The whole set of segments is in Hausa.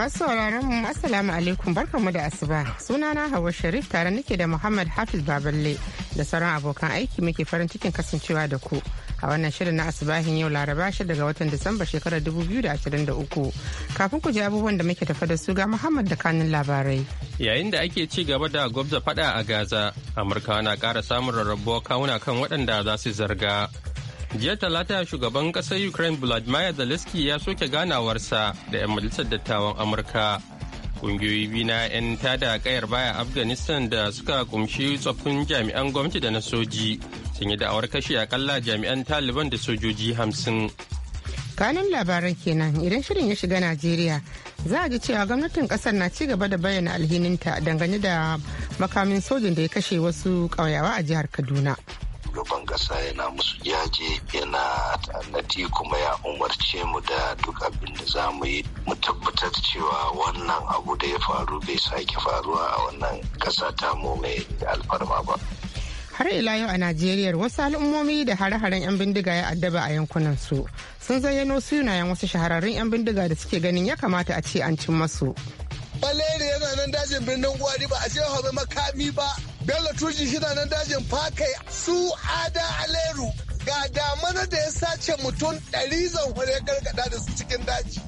Masu sauraron mu Assalamu alaikum barkanmu da asuba. Sunana hawa Sharif tare nake da Muhammad Hafiz Baballe da sauran abokan aiki muke farin cikin kasancewa da ku. A wannan shirin na asubahin yau Laraba shi daga watan Disamba shekarar uku Kafin ku ji abubuwan da muke tafa da su ga Muhammad da kanun labarai. Yayin da ake ci gaba da gwabza faɗa a Gaza, Amurka na ƙara samun rarrabuwa kawuna kan waɗanda za su zarga. jiya talata shugaban kasar ukraine vladimir zelensky ya soke ganawarsa da 'yan majalisar dattawan amurka ƙungiyoyi biyu na 'yan tada kayar baya afghanistan da suka kumshi tsoffin jami'an gwamnati da na soji sun yi da'awar kashe akalla jami'an taliban da sojoji hamsin kanin labaran kenan idan shirin ya shiga najeriya za a ji cewa gwamnatin kasar na ci gaba da bayyana alhininta dangane da makamin sojin da ya kashe wasu ƙauyawa a jihar kaduna kasa yana musu jaje yana tannati kuma ya umarce mu da duk abin da za mu yi mu tabbatar cewa wannan abu da ya faru bai sake faruwa a wannan ƙasa ta mu mai alfarma ba. har ila yau a najeriya wasu al'ummomi da hare-haren 'yan bindiga ya addaba a yankunan su sun zayyano sunayen wasu shahararrun 'yan bindiga da suke ganin ya kamata a ce an cin masu. Baleri yana nan dajin birnin gwari ba a ce makami ba bello tuji shida na dajin fakai su ada aleru ga damana da ya sace mutum ɗari ya gargada da su cikin daji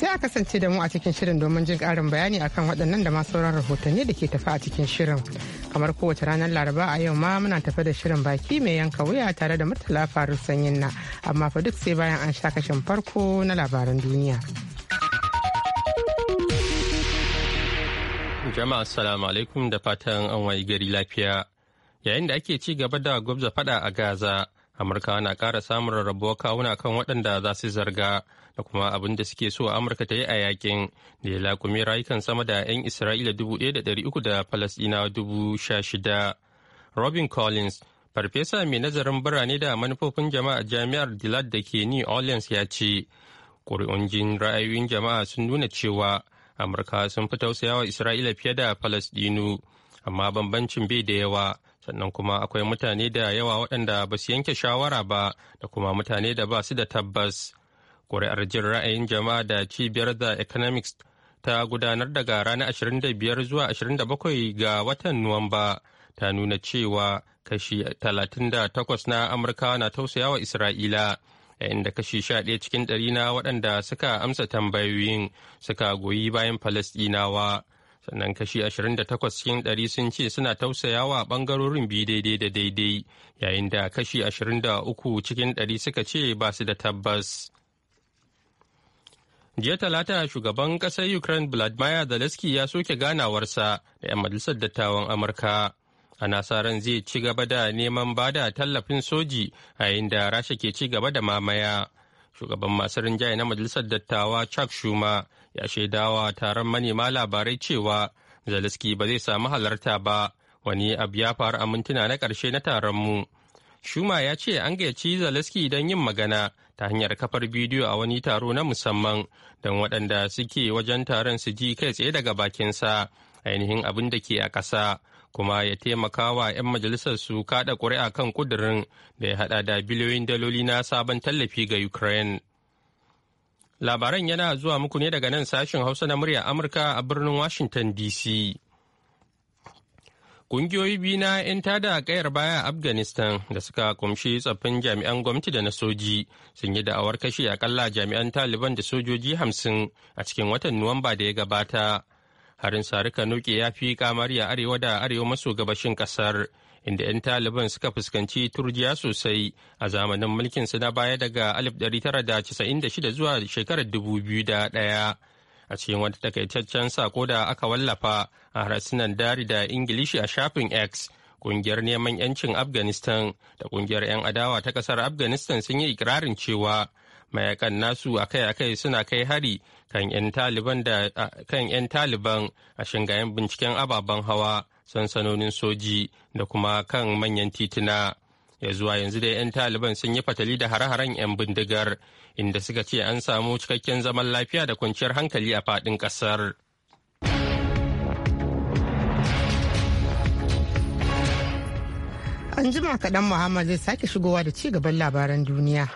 sai a kasance da mu a cikin shirin domin jin ƙarin bayani akan waɗannan da ma sauran rahotanni da ke tafi a cikin shirin kamar kowace ranar laraba a yau ma muna tafe da shirin baki mai yanka wuya tare da murtala faru sanyin na amma fa duk sai bayan an sha kashin farko na labaran duniya. Jama'a assalamu alaikum da fatan an wayi gari lafiya. Yayin da ake ci gaba da gwabza fada a Gaza, Amurka na ƙara samun rarrabuwar kawuna kan waɗanda za su zarga da kuma abin da suke so Amurka ta yi a yakin da ya laƙumi rayukan sama da 'yan Isra'ila uku da falasɗina sha shida Robin Collins, farfesa mai nazarin birane da manufofin jama'a jami'ar Dillard da ke New Orleans ya ce, ƙuri'un jin ra'ayoyin jama'a sun nuna cewa amurka sun fi tausayawa isra'ila fiye da falasdinu amma bambancin bai da yawa sannan kuma akwai mutane da yawa waɗanda ba su yanke shawara ba da kuma mutane da ba su da tabbas ƙuri'ar jin ra'ayin jama'a da cibiyar the economics ta gudanar daga ranar 25 zuwa 27 ga watan nuwamba ta nuna cewa kashi 38 na amurka na tausayawa isra'ila inda kashi sha ɗaya cikin ɗari na waɗanda suka amsa tambayoyin suka goyi bayan falastinawa Sannan kashi ashirin da takwas cikin ɗari sun ce suna tausaya wa ɓangarorin biyu daidai da daidai, yayin da kashi ashirin da uku cikin ɗari suka ce ba su da tabbas. jiya talata shugaban ƙasar ukraine vladimir zelensky ya soke ganawarsa da 'yan majalisar dattawan amurka ana sa ran zai ci gaba da neman bada tallafin soji a yayin da rasha ke ci gaba da mamaya shugaban masu rinjaye na majalisar dattawa chuck shuma ya shaidawa taron manema labarai cewa zaliski ba zai samu halarta ba wani abu ya faru a mintuna na ƙarshe na taron mu shuma ya ce an gayyaci zaliski don yin magana ta hanyar kafar bidiyo a wani taro na musamman don waɗanda suke wajen taron su ji kai tsaye daga bakinsa ainihin abin da ke a ƙasa kuma ya taimaka wa 'yan majalisar su kada ƙuri'a kan ƙudurin da ya hada da biliyoyin daloli na sabon tallafi ga Ukraine. Labaran yana zuwa muku ne daga nan sashen Hausa na murya Amurka a birnin Washington DC. Ƙungiyoyi biyu na 'yan tada kayar baya a Afghanistan da suka kumshi tsoffin jami'an gwamnati da na soji sun yi da'awar kashe akalla jami'an Taliban da sojoji hamsin a cikin watan Nuwamba da ya gabata. harin sarika nuke ya fi kamar ya arewa da arewa maso gabashin kasar inda 'yan taliban suka fuskanci turjiya sosai a zamanin mulkinsu na baya daga 1996 zuwa shekarar 2001 a cikin wata takaitaccen sako da aka wallafa a harsunan dari da ingilishi a shafin x kungiyar neman 'yancin afghanistan da kungiyar 'yan adawa ta kasar afghanistan sun yi ikirarin cewa mayakan nasu akai-akai suna kai hari kan 'yan taliban a shingayen binciken ababen hawa sansanonin soji da kuma kan manyan tituna ya zuwa yanzu da 'yan taliban sun yi fatali da hare-haren 'yan bindigar inda suka ce an samu cikakken zaman lafiya da kwanciyar hankali a faɗin ƙasar. An jima kaɗan Muhammad zai sake shigowa da ci gaban labaran duniya.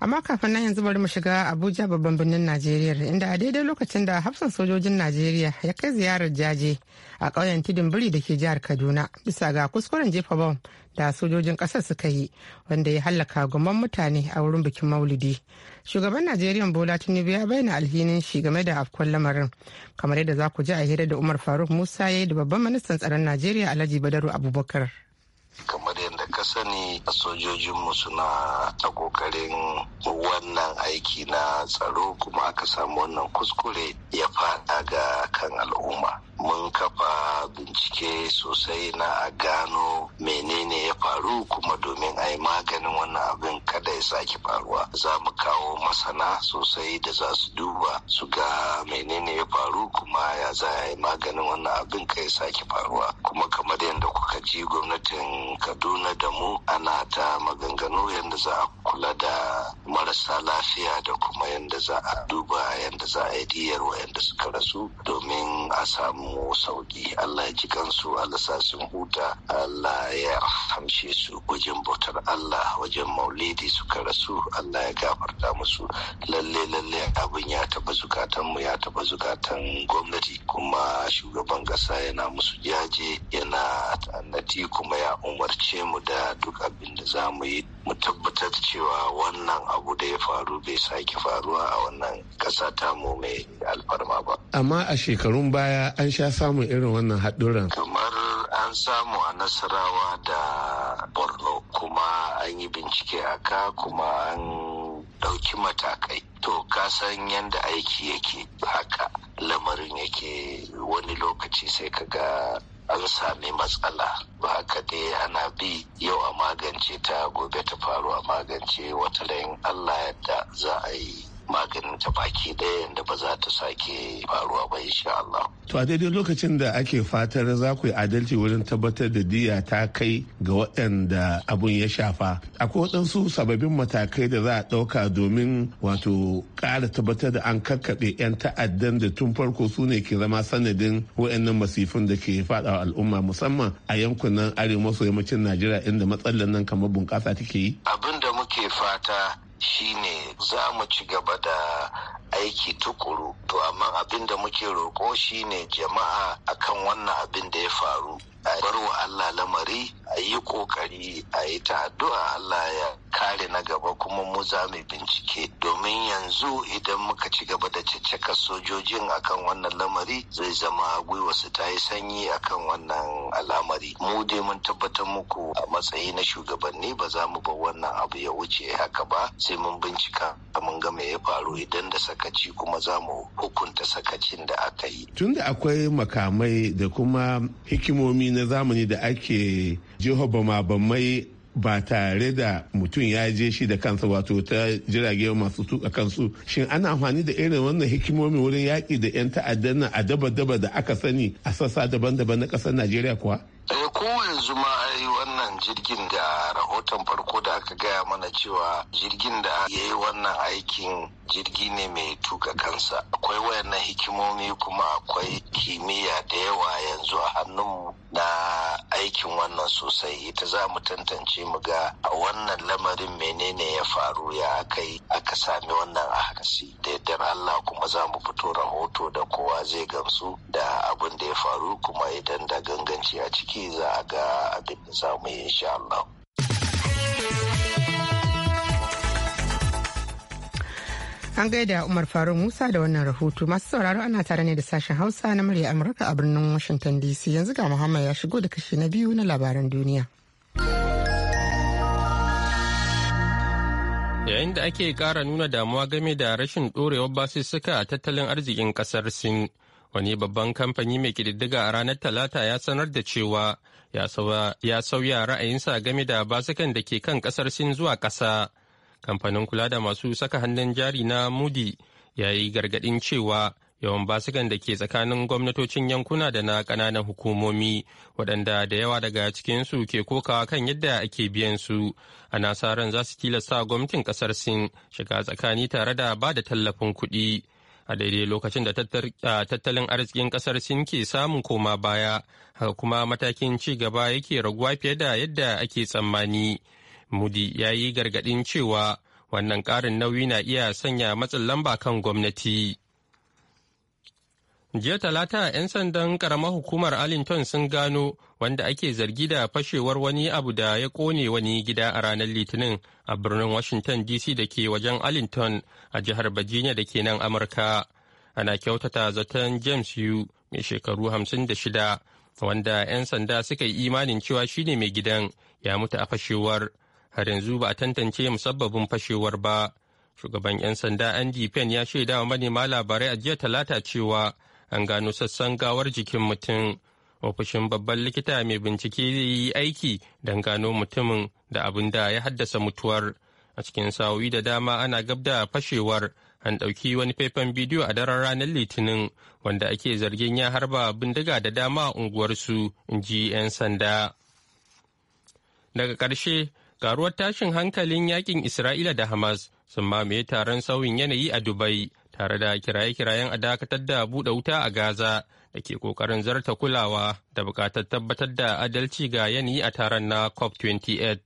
Amma kafin nan yanzu bari mu shiga Abuja babban birnin Najeriya inda a daidai lokacin da hafsan sojojin Najeriya ya kai ziyarar jaje a ƙauyen Tudun Biri da ke jihar Kaduna bisa ga kuskuren jefa bom da sojojin ƙasar suka yi wanda ya hallaka gomman mutane a wurin bikin Maulidi. Shugaban Najeriya Bola Tinubu ya bayyana alhinin shi game da afkon lamarin kamar yadda za ku ji a hira da Umar Faruk Musa ya yi da babban ministan tsaron Najeriya Alhaji Badaru Abubakar. sani sojojinmu suna ta kokarin wannan aiki na tsaro kuma aka samu wannan kuskure ya fada ga kan al'umma mun kafa bincike sosai na a gano menene ya faru kuma domin a yi maganin wannan abin kada ya sake faruwa za mu kawo masana sosai da za su duba su ga menene ya faru kuma ya za a yi maganin wannan abin ka kai sake faruwa kuma kamar yadda kuka ji gwamnatin kaduna da mu ana ta maganganu yadda za a kula da marasa lafiya da kuma yadda za a duba yadda za a yi diyar yadda suka rasu domin a samu samu sauki Allah ya ji kansu Allah sa sun huta Allah ya rahamshe su wajen bautar Allah wajen maulidi suka rasu Allah ya gafarta musu lalle lalle abin ya taba zukatan mu ya taba zukatan gwamnati kuma shugaban kasa yana musu jaje yana ta'annati kuma ya umarce mu da duk abin da za mu yi mu tabbatar cewa wannan abu da ya faru bai sake faruwa a wannan ta mu mai alfarma ba. Amma a shekarun baya an sha samun irin wannan haɗuran. Kamar an samu a Nasarawa da Borno kuma an yi bincike a ka kuma an ɗauki matakai. To ka san yadda aiki yake haka lamarin yake wani lokaci sai ka ga an sami matsala ba haka dai ana bi yau a magance ta gobe ta faru a magance wata layin allah yadda za a yi maganin ta baki daya da ba za ta sake faruwa ba insha Allah. To a daidai lokacin da ake fatar za ku yi adalci wurin tabbatar da diya ta kai ga waɗanda abun ya shafa. Akwai waɗansu sababbin matakai da za a ɗauka domin wato ƙara tabbatar da an kakkaɓe 'yan ta'addan da tun farko su ne ke zama sanadin wa'annan masifin da ke faɗawa al'umma musamman a yankunan arewa maso yammacin Najeriya inda matsalar nan kamar bunƙasa take yi. Abin da muke fata shine za mu ci gaba da aiki tukuru to amma abin da muke roƙo shine jama'a akan wannan abin da ya faru a bar wa Allah lamari a yi kokari a yi ta addu'a Allah ya kare na gaba kuma mu za mu bincike domin yanzu idan muka ci gaba da caccaka sojojin akan wannan lamari zai zama gwiwa su ta yi sanyi akan wannan al'amari mu dai mun tabbatar muku a matsayi na shugabanni ba za mu bar wannan abu ya wuce haka ba sai mun bincika mun ga me ya faru idan da saka sakaci kuma za mu hukunta sakacin da aka yi. Tun da akwai makamai da kuma hikimomi na zamani da ake jihobama bamai ba tare da mutum ya je shi da kansa wato ta jirage masu tuka kansu shin ana amfani da irin wannan hikimomi wurin yaƙi da 'yan ta'addan nan a daba-daba da aka sani a sassa daban-daban na ƙasar najeriya kuwa? Eh, ko yanzu ma yi wannan jirgin da rahoton farko da aka gaya mana cewa jirgin da ya yi wannan aikin jirgi ne mai tuka kansa akwai wayannan hikimomi kuma akwai kimiyya da yawa yanzu a hannunmu na aikin wannan sosai ita za mu tantance mu ga a wannan lamarin menene ya faru ya aka yi aka sami wannan akasi da yadda Allah kuma za mu fito rahoto da kowa zai gamsu da abin da ya faru kuma idan da ganganci a ciki za a ga abin da za mu yi insha Allah. An gaida Umar Faruk Musa da wannan rahoto masu sauraro ana tare ne da sashen Hausa na murya Amurka a birnin Washington DC yanzu ga Muhammad ya shigo da kashi na biyu na labaran duniya. Yayin da ake kara nuna damuwa game da rashin ɗorewar basussuka a tattalin arzikin kasar Sin, wani babban kamfani mai kididdiga a ranar talata ya sanar da cewa ya sauya ra'ayinsa game da basukan da ke kan kasar sin zuwa kasa kamfanin kula da masu saka hannun jari na mudi ya yi gargaɗin cewa yawan basukan da ke tsakanin gwamnatocin yankuna da na kananan hukumomi waɗanda da yawa daga cikinsu ke kokawa kan yadda ake biyan su a nasarar za su tilasta gwamnatin ƙasar sin shiga tsakani tare da ba da tallafin kuɗi a daidai lokacin da tattalin arzikin kasar sin ke samun koma baya haka kuma matakin ci gaba yake raguwa fiye da yadda ake tsammani mudi ya yi gargaɗin cewa wannan ƙarin nauyi na iya sanya matsin lamba kan gwamnati. Jiya talata 'yan sandan karamar hukumar Arlington sun gano wanda ake zargi da fashewar wani abu da ya kone wani gida a ranar Litinin a birnin Washington DC da ke wajen Arlington a jihar Virginia da ke nan Amurka. Ana kyautata zaton James Yu mai shekaru 56 wanda 'yan sanda suka yi imanin cewa shi ne mai gidan ya mutu a fashewar. Har yanzu ba a tantance musabbabin fashewar ba. Shugaban 'yan sanda Andy Penn ya shaidawa manema labarai a jiya talata cewa an gano sassan gawar jikin mutum ofishin babban likita mai bincike yi aiki don gano mutumin da abin da ya haddasa mutuwar a cikin sa'o'i da dama ana gab da fashewar an ɗauki wani faifan bidiyo a daren ranar litinin wanda ake zargin ya harba bindiga da dama a unguwarsu in ji 'yan sanda daga ƙarshe karuwar tashin hankalin yakin isra'ila da hamas sun mamaye taron sauyin yanayi a dubai tare da kiraye-kirayen a dakatar da buɗe wuta a Gaza da ke ƙoƙarin zarta kulawa da buƙatar tabbatar da adalci ga yanayi a taron na COP28.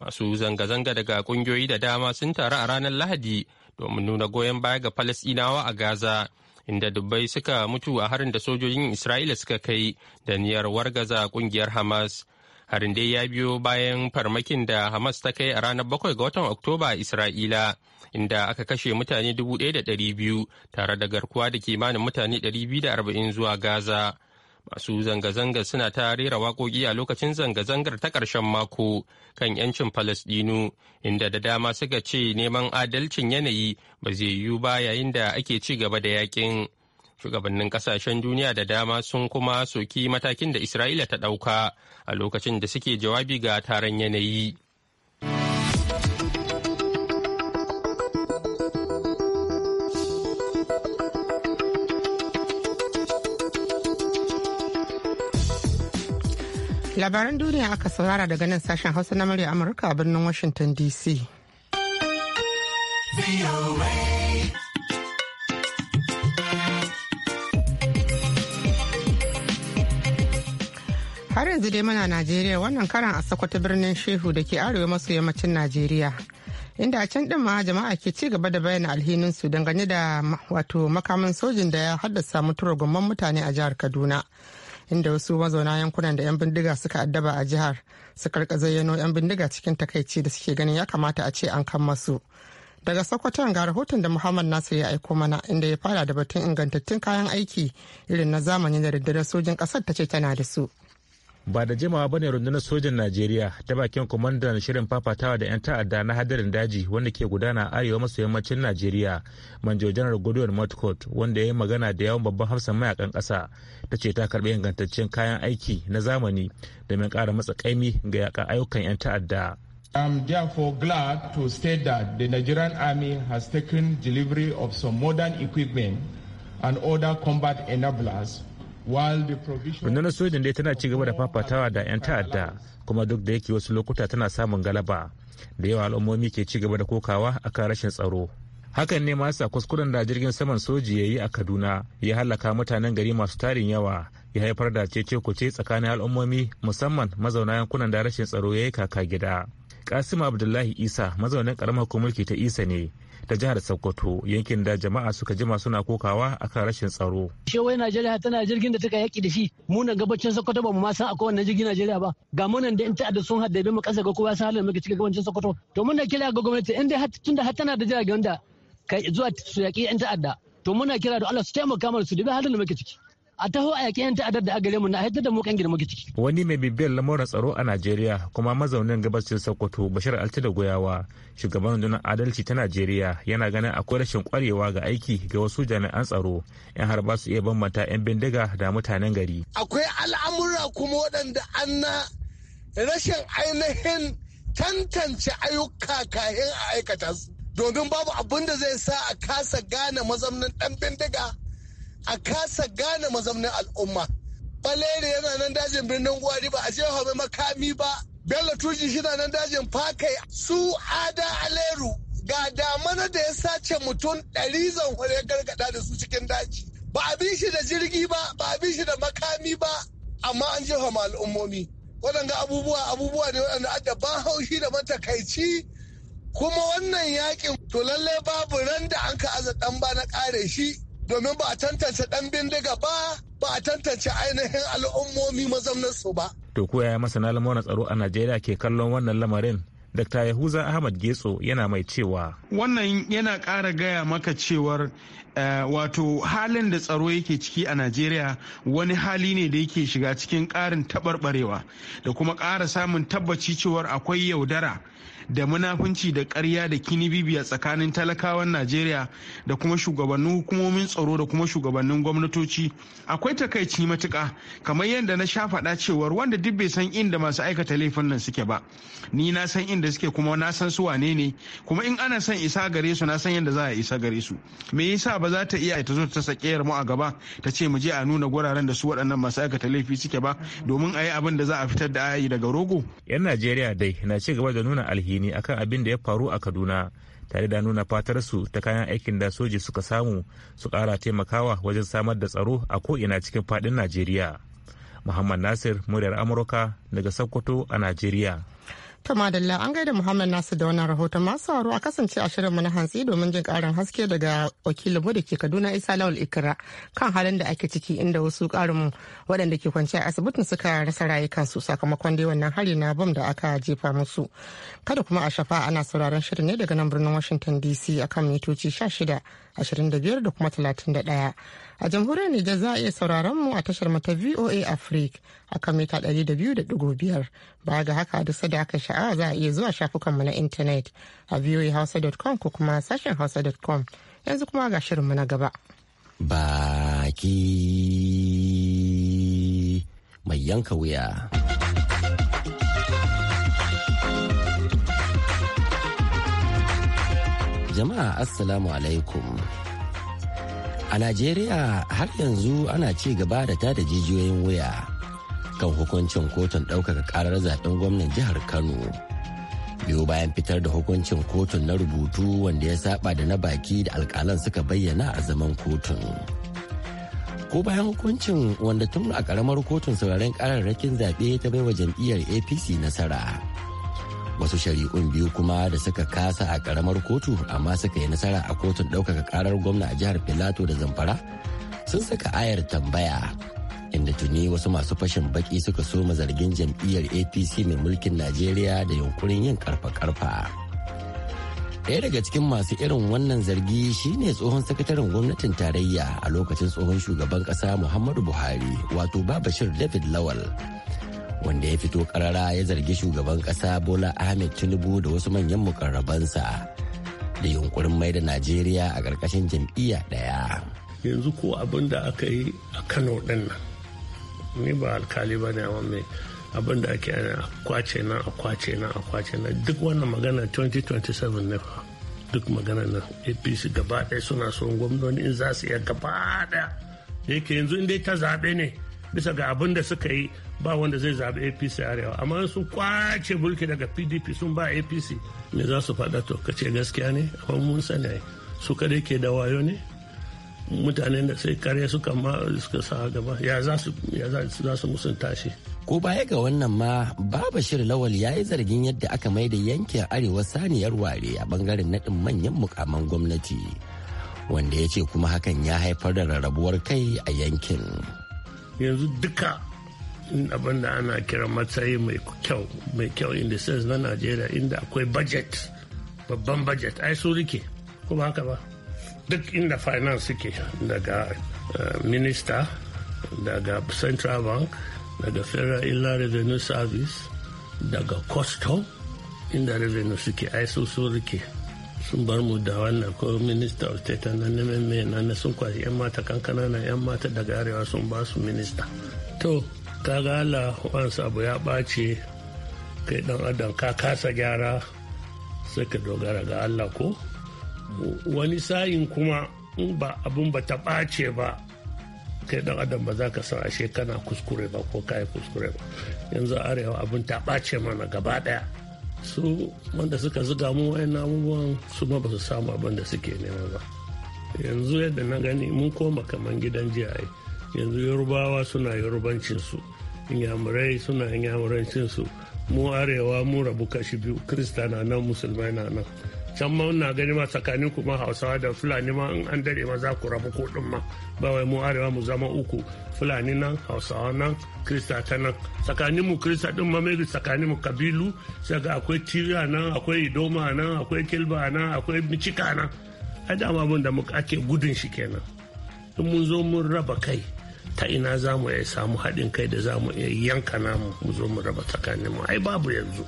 Masu zanga-zanga daga ƙungiyoyi da dama sun taru a ranar Lahadi domin nuna goyon baya ga Falasɗinawa a Gaza. inda dubbai suka mutu a harin da sojojin Isra'ila suka kai da niyyar wargaza ƙungiyar Hamas harin dai ya biyo bayan farmakin da hamas ta kai a ranar 7 ga watan oktoba a isra'ila inda aka kashe mutane 1,200 tare da garkuwa da kimanin mutane 240 zuwa gaza masu zanga-zangar suna ta rera waƙoƙi a lokacin zanga-zangar ta ƙarshen mako kan 'yancin falasɗinu inda da dama suka ce neman adalcin yanayi ba zai yiwu ba yayin da ake ci gaba da yaƙin. shugabannin kasashen duniya da dama sun kuma soki matakin da isra'ila ta dauka a lokacin da suke jawabi ga taron yanayi labaran duniya aka saurara daga nan sashen hausa na murya amurka a birnin washington dc Har yanzu dai muna Najeriya wannan karan a Sokoto birnin Shehu da ke arewa maso yammacin Najeriya. Inda a can ma jama'a ke ci gaba da bayyana alhininsu dangane da wato makamin sojin da ya haddasa mutuwar gomman mutane a jihar Kaduna. Inda wasu mazauna yankunan da 'yan bindiga suka addaba a jihar suka rika zayyano 'yan bindiga cikin takaici da suke ganin ya kamata a ce an kan masu. Daga Sokoton ga rahoton da Muhammad Nasir ya aiko mana inda ya fara da batun ingantattun kayan aiki irin na zamani da daddare sojin kasar ta ce tana da su. ba da jimawa bane rundunar sojan najeriya ta bakin kwamandan shirin fafatawa da 'yan ta'adda na hadarin daji wanda ke gudana arewa maso yammacin najeriya manjo janar godwin motcott wanda ya yi magana da yawan babban hafsan mayakan ƙasa ta ce ta karbi ingantaccen kayan aiki na zamani domin ƙara matsa kaimi ga yakan ayyukan 'yan ta'adda I'm therefore glad to state that the Nigerian Army has taken delivery of some modern equipment and other combat enablers rundunar sojin dai tana cigaba da fafatawa da 'yan ta'adda kuma duk da yake wasu lokuta tana samun galaba da yawa al'ummomi ke ci gaba da kokawa akan rashin tsaro hakan ne masa kuskuren da jirgin saman soji ya yi a kaduna ya halaka mutanen gari masu tarin yawa ya haifar da cece kuce tsakanin al'ummomi musamman mazauna yankunan da rashin tsaro ya yi kaka gida kasim abdullahi isa mazaunin karamar hukumar ta isa ne ta jihar Sokoto yankin da jama'a suka jima suna kokawa akan rashin tsaro. Shewai Najeriya tana jirgin da take yaki da shi mu nan gabacin Sokoto ba mu ma san akwai wannan jirgin Najeriya ba ga mu nan da in ta'adda sun haddabe mu kasa ga kowa sai halin muke cikin gabacin Sokoto to mun kira ga gwamnati inda har tunda har tana da jiragen da zuwa su yaki 'yan ta'adda to muna kira da Allah su taimaka mana su dubi halin da muke ciki. a taho a yake yanta ta'addar da agare mu na haifar da mu kan girma ciki. Wani mai bibiyar lamuran tsaro a Najeriya kuma mazaunin gabashin Sokoto Bashir Alti da Goyawa shugaban rundunar adalci ta Najeriya yana ganin akwai rashin kwarewa ga aiki ga wasu jami'an tsaro in har ba su iya bambanta yan bindiga da mutanen gari. Akwai al'amura kuma waɗanda an rashin ainihin tantance ayyuka kayan a aikata su. domin babu abin da zai sa a kasa gane mazaunin ɗan bindiga a kasa gane mazaunin al'umma balere yana nan dajin birnin gwari ba a jefa mai makami ba bello tuji shi nan dajin fakai su ada aleru ga damana da ya sace mutum ɗari zan zanhure gargada da su cikin daji ba a bi shi da jirgi ba ba a bi da makami ba amma an jefa ma al'ummomi Waɗanga abubuwa abubuwa ne waɗanda adda ban haushi da matakaici kuma wannan yakin to lallai babu ran da an ka aza ɗan ba na ƙare shi domin ba a tantance ɗan bindiga ba ba a tantance ainihin al'ummomi su ba. To ko yaya masana lamuran tsaro a Najeriya ke kallon wannan lamarin? Dr. Yahuza Ahmad Getso yana mai cewa. Wannan yana ƙara gaya maka cewar eh, wato halin da tsaro yake ciki a Najeriya wani hali ne da yake shiga cikin ƙarin taɓarɓarewa da kuma ƙara samun tabbaci cewar akwai yaudara da munafunci da karya da kini bibiya tsakanin talakawan najeriya da kuma shugabannin hukumomin tsaro da kuma shugabannin gwamnatoci akwai takaici matuƙa kamar yadda na sha faɗa cewar wanda duk bai san inda masu aikata laifin nan suke ba ni na san inda suke kuma na san su wane ne kuma in ana san isa gare su na san yadda za a isa gare su me yasa ba za ta iya ta zo ta yar mu a gaba ta ce mu je a nuna guraren da su waɗannan masu aikata laifi suke ba domin a yi abin da za a fitar da ayi daga rogo yan najeriya dai na ci gaba da nuna alhi alhini akan abin da ya faru a kaduna tare da nuna fatar su ta kayan aikin da soji suka samu su kara taimakawa wajen samar da tsaro a ko'ina cikin fadin najeriya muhammad nasir muryar amurka daga sokoto a najeriya ta madalla an gaida Muhammad Nasu da wannan rahoton masu sauro a kasance a shirinmu na hantsi domin jin karin haske daga wakilinmu da ke Kaduna Isa Lawal Ikira kan halin da ake ciki inda wasu karin waɗanda ke kwance a asibitin suka rasa rayukansu sakamakon dai wannan hari na bam da aka jefa musu. Kada kuma a shafa ana sauraron shirin ne daga nan birnin Washington DC akan mitoci shida 25 da kuma 31. A jamhuriyar Nijar za a iya sauraron mu a tashar mata VOA Africa a kan mita 200.5. ba ga haka duk da aka sha'a za a iya zuwa shafukan mu na intanet a voahausa.com ko kuma sashen hausa.com. Yanzu kuma ga shirinmu na gaba. Baki mai yanka wuya. Jama'a Assalamu alaikum. A Najeriya har yanzu ana ci gaba da tada jijiyoyin wuya kan hukuncin kotun ɗaukaka karar zaben gwamnan jihar Kano. Biyu bayan fitar da hukuncin kotun na rubutu wanda ya saba da na baki da alkalan suka bayyana a zaman kotun. ko bayan hukuncin wanda tun a ƙaramar kotun sauraren kararrakin zaɓe ta baiwa jam'iyyar apc nasara wasu shari'un biyu kuma da suka kasa a karamar kotu amma suka yi nasara a kotun ɗaukaka karar gwamna a jihar filato da zamfara sun saka ayar tambaya inda tuni wasu masu fashin baki suka soma zargin jam'iyyar apc mai mulkin najeriya da yunkurin yin karfa-karfa ɗaya daga cikin masu irin wannan zargi shine tsohon sakataren gwamnatin tarayya a lokacin tsohon shugaban ƙasa muhammadu buhari wato babashir david lawal wanda ya fito karara ya zargi shugaban kasa bola ahmed tinubu da wasu manyan mukarrabansa da yunkurin mai da najeriya a karkashin jam'iyya ɗaya yanzu ko abin da aka yi a kano ɗin nan ni ba alkali ba ne amma abin da ake a kwace nan a kwace nan a kwace nan duk wannan magana 2027 ne fa duk magana na apc gaba ɗaya suna son gwamnoni in za su iya gaba ɗaya yake yanzu in dai ta zaɓe ne bisa ga abin da suka yi ba wanda zai zaɓi apc arewa amma sun kwace mulki daga pdp sun ba apc me za su faɗa to kace gaskiya ne amma mun sani su kada ke da wayo ne mutane da sai karya suka ma suka sa gaba ya za su za su musunta shi ko baya ga wannan ma baba shir lawal ya yi zargin yadda aka mai da yankin arewa saniyar ware a bangaren naɗin manyan mukaman gwamnati wanda ya ce kuma hakan ya haifar da rarrabuwar kai a yankin. yanzu duka abin da ana kira matsayi mai kyau mai kyau in the sense na najeriya inda akwai budget babban budget ai su rike kuma haka ba duk inda finance suke daga eh, minister daga central bank daga federal illa revenue service daga custom inda revenue suke ai su rike sun bar mu da wannan ko minista of state na neman mai na sun kwasi 'yan mata kankana na 'yan mata daga arewa sun ba su minista to ka ga Allah wansu abu ya ɓace kai dan adam ka kasa gyara sai ka dogara ga Allah ko wani sayin kuma in ba abin ba ta ɓace ba kai dan adam ba za ka san ashe kana kuskure ba ko kai kuskure ba yanzu arewa abun ta ɓace mana gaba ɗaya su wanda suka zuga mu wayan abubuwan su ma ba su samu abin da suke nema ba yanzu yadda na gani mun koma kaman gidan jiya yanzu yorubawa suna yorubancinsu inyamurai suna inyamurancinsu mu arewa mu rabu kashi biyu kirista na nan musulmai na nan can ma na gani ma tsakanin ku ma hausawa da fulani ma in an dare ma za ku rabu ko din ma ba wai mu arewa mu zama uku fulani nan hausawa nan krista ta nan tsakanin mu krista din ma mai tsakanin mu kabilu sai ga akwai tira nan akwai idoma nan akwai kilba nan akwai micika nan a dama abin da ake gudun shi kenan in mun zo mun raba kai ta ina za mu iya samu haɗin kai da za mu iya yanka namu mu zo mu raba mu ai babu yanzu.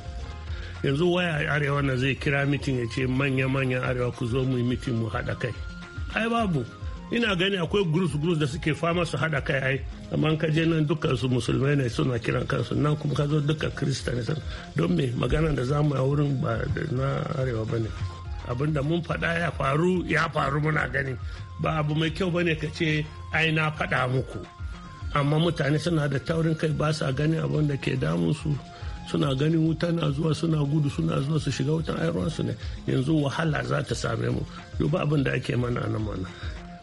yanzu waya arewa na zai kira mitin ya ce manya-manyan arewa ku zo mu yi mitin mu haɗa kai ai babu ina gani akwai gurus gurus da suke fama su haɗa kai ai amma ka je nan dukkan su musulmai ne suna kiran kansu nan kuma ka zo dukkan krista ne don me magana da zamu a wurin ba na arewa ne. abin da mun faɗa ya faru ya faru muna gani ba abu mai kyau ba ne ka ce ai na faɗa muku amma mutane suna da taurin kai ba sa gani abin da ke damun su suna ganin wuta na zuwa suna gudu suna zuwa su shiga wutan ai su ne yanzu wahala za ta same mu duba abin da ake mana nan mana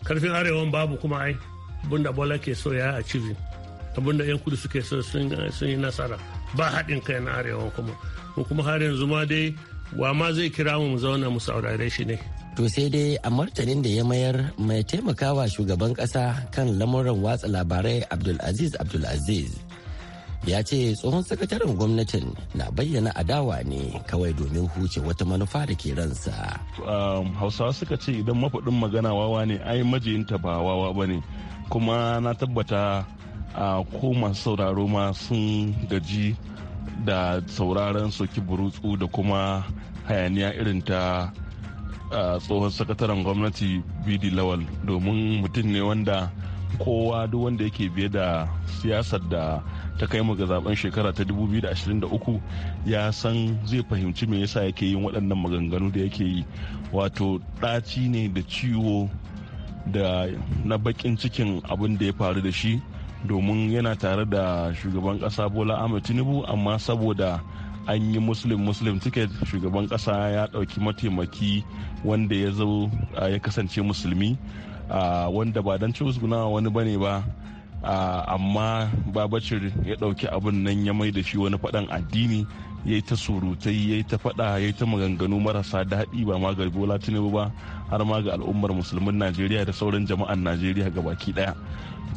karfin arewa babu kuma ai da bola ke so ya a cibin da yan kudu suke so sun yi nasara ba haɗin kai na arewan kuma mu kuma har yanzu ma dai wa ma zai kira mu zauna mu saurare shi ne to sai dai a martanin da ya mayar mai taimakawa shugaban kasa kan lamuran watsa labarai abdulaziz abdulaziz ya ce tsohon sakataren gwamnatin na bayyana adawa ne kawai domin huce wata manufa da ke ransa. Um, hausawa suka ce idan mafaɗin magana wawa ne ai majiyinta ba wawa ba ne kuma na tabbata a koma sauraro ma sun gaji da sauraron soki burutsu da kuma hayaniya irin ta tsohon sakataren gwamnati bidi lawal domin mutum ne wanda kowa duk wanda yake biye da siyasar da ta kai mu ga zaben shekara ta 2023 ya san zai fahimci me yasa yake yin waɗannan maganganu da yake yi wato ɗaci ne da ciwo da na bakin cikin abin da ya faru da shi domin yana tare da shugaban ƙasa bola ahmed tinubu amma saboda an yi muslim muslim ticket shugaban ƙasa ya ɗauki mataimaki wanda ya zo ya kasance musulmi wanda ba don cewa suna wani bane ba amma babacir ya dauki abin nan ya mai da shi wani faɗan addini ya yi ta surutai ya yi ta faɗa ya yi ta maganganu marasa daɗi ba ma ga bola tinubu ba har ma ga al'ummar musulmin najeriya da sauran jama'an najeriya ga baki ɗaya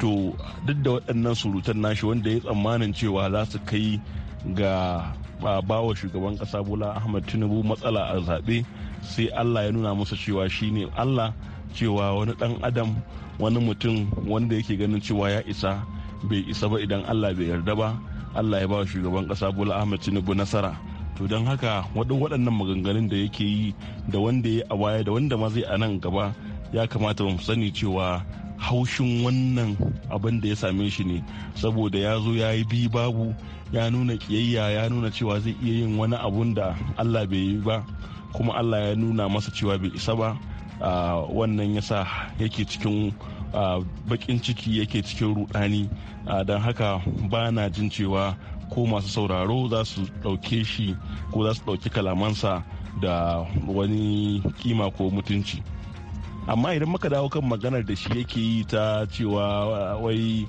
to duk da waɗannan surutan nashi wanda ya tsammanin cewa za su kai ga bawa shugaban ƙasa bola ahmad tinubu matsala a zaɓe sai allah ya nuna masa cewa shine allah cewa wani dan adam wani mutum wanda yake ganin cewa ya isa bai isa ba idan allah bai yarda ba allah ya ba shugaban kasa bula ahmed tinubu nasara to don haka waɗannan maganganun da yake yi da wanda ya a baya da wanda ma zai a nan gaba ya kamata mu sani cewa haushin wannan abin da ya same shi ne saboda ya zo ya yi bi babu ya nuna kiyayya ya nuna cewa zai iya yin wani abun da allah bai yi ba kuma allah ya nuna masa cewa bai isa ba wannan yasa yake cikin bakin ciki yake cikin rudani don haka ba na jin cewa ko masu sauraro za su dauke shi ko za su ɗauki kalamansa da wani kima ko mutunci amma idan muka dawo kan maganar da shi yake yi ta cewa wai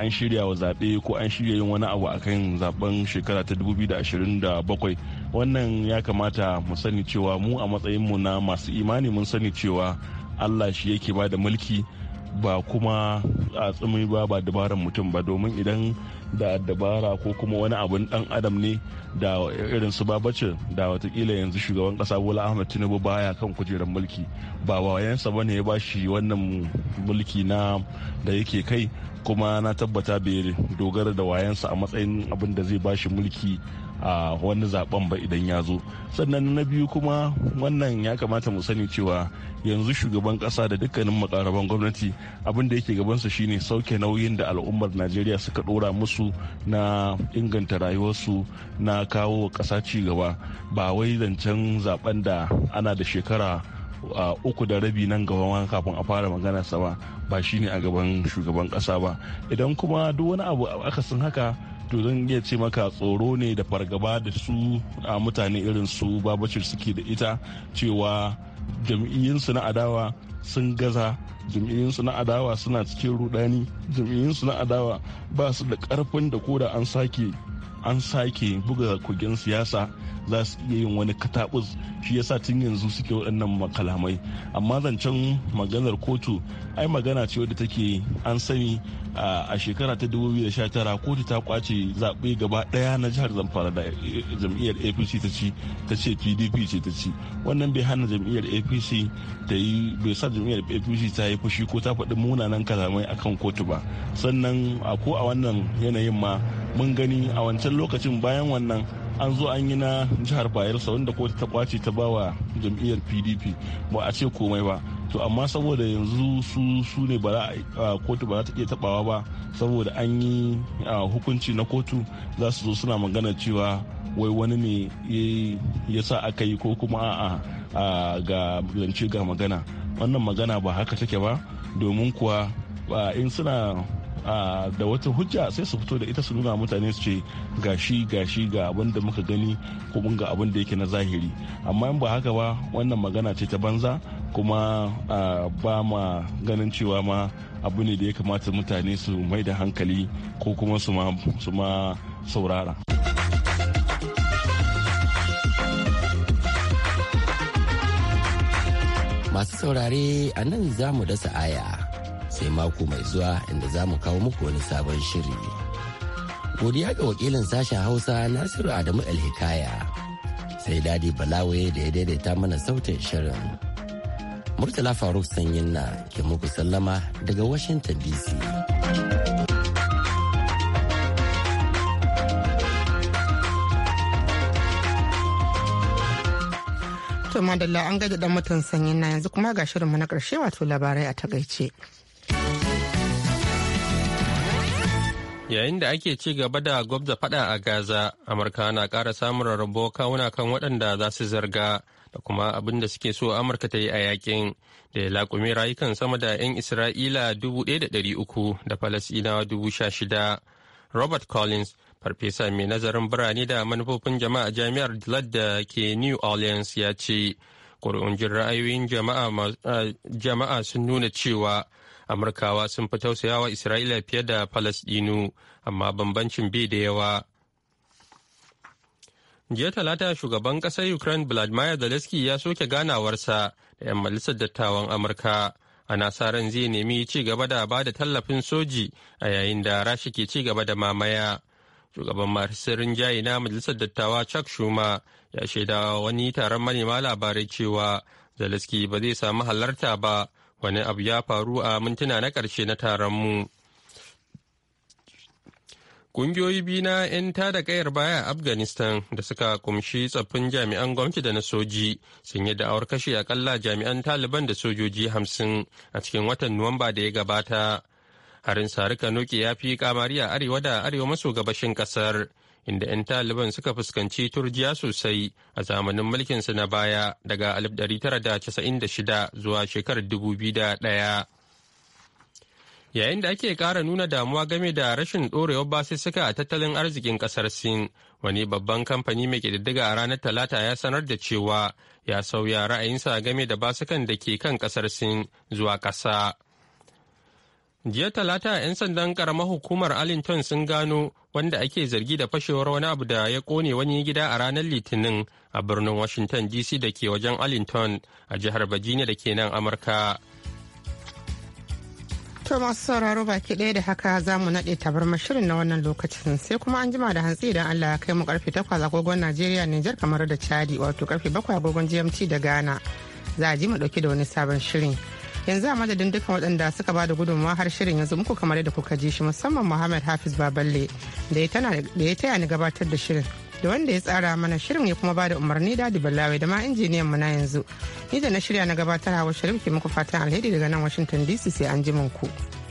an shirya wa zaɓe ko an shirya yin wani abu akan zaben shekara ta 2027 wannan ya kamata mu sani cewa mu a matsayin mu na masu imani mun sani cewa allah shi yake ba da mulki ba kuma a tsumi ba ba dabaran mutum ba domin idan da dabara ko kuma wani abun dan adam ne da irin su babace da watakila yanzu shugaban kasa bola ahmed tinubu baya kan kujerar mulki ba wayansa ba ne ya ba shi wannan mulki na da yake kai kuma na tabbata bai dogara da wayansa a matsayin abin da zai ba shi mulki a wani zaben ba idan ya zo sannan na biyu kuma wannan ya kamata mu sani cewa yanzu shugaban kasa da dukkanin makaraban gwamnati abin da yake gabansa shine sauke nauyin da al'ummar najeriya suka dora musu na inganta rayuwarsu na kawo kasa ci gaba ba wai zancen zaben da ana da shekara a uku da rabi nan gaba kafin a fara magana sa ba ba shine a gaban shugaban kasa ba idan kuma duk wani abu aka sun haka to zan iya ce maka tsoro ne da fargaba da su a mutane irin su babacin suke da ita cewa jam'iyyinsu na adawa sun gaza jam'iyyinsu na adawa suna cikin rudani jam'iyyinsu na adawa ba su da karfin da koda an sake an sake buga kugin siyasa za su iya yin wani katabus shi yasa tun yanzu suke waɗannan makalamai amma zancen maganar kotu ai magana ce wadda take an sani a shekara ta 2019 kotu ta kwace zaɓe gaba ɗaya na jihar zamfara da e, jam'iyyar apc ta ci ta ce pdp ce ta ci wannan bai hana jam'iyyar apc ta yi bai sa jam'iyyar apc ta yi fushi ko ta faɗi munanan kalamai akan kotu ba sannan ko a wannan yanayin ma mun gani a wancan lokacin bayan wannan an zo an yi na jihar bayelsa wanda kotu ta kwace ta bawa jam'iyyar pdp ba a ce komai ba to amma saboda yanzu su su ne ba kotu ba za ta iya tabawa ba saboda an yi hukunci na kotu za su zo suna magana cewa wai wani ne ya sa aka yi ko kuma a'a ga zance ga magana wannan magana ba haka take ba domin kuwa in suna da wata hujja sai su fito da ita su nuna mutane su ce gashi gashi ga abin da muka gani ko mun ga abin da yake na zahiri amma in ba haka ba wannan magana ce ta banza kuma ba ma ganin cewa ma abu ne da ya kamata mutane su mai da hankali ko kuma su ma saurara. masu saurare a nan za mu dasa aya sai mako mai zuwa inda za mu kawo muku wani sabon shiri. Godiya ga wakilin sashen Hausa Nasiru Adamu Alhikaya sai Dadi balawaye da ya daidaita mana sautin shirin. Murtala Faruk Sanyin na ke muku sallama daga Washington DC. To madalla an gaji dan mutum sanyin na yanzu kuma ga shirinmu na karshe wato labarai a takaice. Yayin da ake ci gaba da gwabza fada a Gaza, Amurka na ƙara samun rarrabo kawuna kan waɗanda za su zarga da kuma abin da suke so Amurka ta yi a yakin da ya laƙumi rayukan sama da 'yan Isra'ila 1,300 da Falasɗinawa 16,000. Robert Collins, farfesa mai nazarin birane da manufofin jama'a jami'ar Dillard da ke New Orleans ya ce, ƙuri'un ra'ayoyin eh, jama'a sun nuna cewa amurkawa sun fi tausaya wa isra'ila fiye da falasdinu amma bambancin bai da yawa jiya talata shugaban ƙasar ukraine vladimir zelensky ya soke ganawarsa da 'yan majalisar dattawan amurka ana sa ran zai nemi ci gaba da ba da tallafin soji a yayin da rashi ke ci gaba da mamaya shugaban masu rinjaye na majalisar dattawa chuck shuma ya shaida wani taron manema labarai cewa zelensky ba zai samu halarta ba wani abu ya faru a mintuna na ƙarshe na taron mu. Ƙungiyoyi biyu na 'yan tada kayar baya a Afghanistan da suka kumshi tsaffin jami'an gwamnati da na soji sun yi da'awar kashe akalla jami'an Taliban da sojoji hamsin a cikin watan Nuwamba da ya gabata. Harin sarika noki ya fi kamari a arewa da arewa maso gabashin ƙasar. inda 'yan taliban suka fuskanci turjiya sosai a zamanin mulkinsu na baya daga 1996 zuwa shekarar 2001 yayin da ake kara nuna damuwa game da rashin ɗorewar basussuka a tattalin arzikin ƙasar sin wani babban kamfani mai kididdiga a ranar talata ya sanar da cewa ya sauya ra'ayinsa game da basukan da ke kan ƙasar sin zuwa ƙasa Jiya talata 'yan sandan karamar hukumar Arlington sun gano wanda ake zargi da fashewar wani abu da ya kone wani gida a ranar Litinin a birnin Washington DC da ke wajen Arlington a jihar Virginia da ke nan Amurka. To sauraro baki ɗaya da haka za mu naɗe tabarmar shirin na wannan lokacin sai kuma an jima da hantsi idan Allah ya kai mu karfe takwas agogon Najeriya Nijar kamar da Chadi wato karfe bakwai agogon GMT da Ghana. Za a ji mu ɗauki da wani sabon shirin. yanzu a madadin duka waɗanda suka ba da gudunmawa har shirin yanzu muku kamar yadda kuka ji shi musamman muhammad hafiz baballe da ya taya ni gabatar da shirin da wanda ya tsara mana shirin ya kuma ba da umarni dadi balawai da ma injiniyan mu na yanzu ni da na shirya na gabatar hawa sharif ke muku fatan alheri daga nan washington dc sai an ji ku.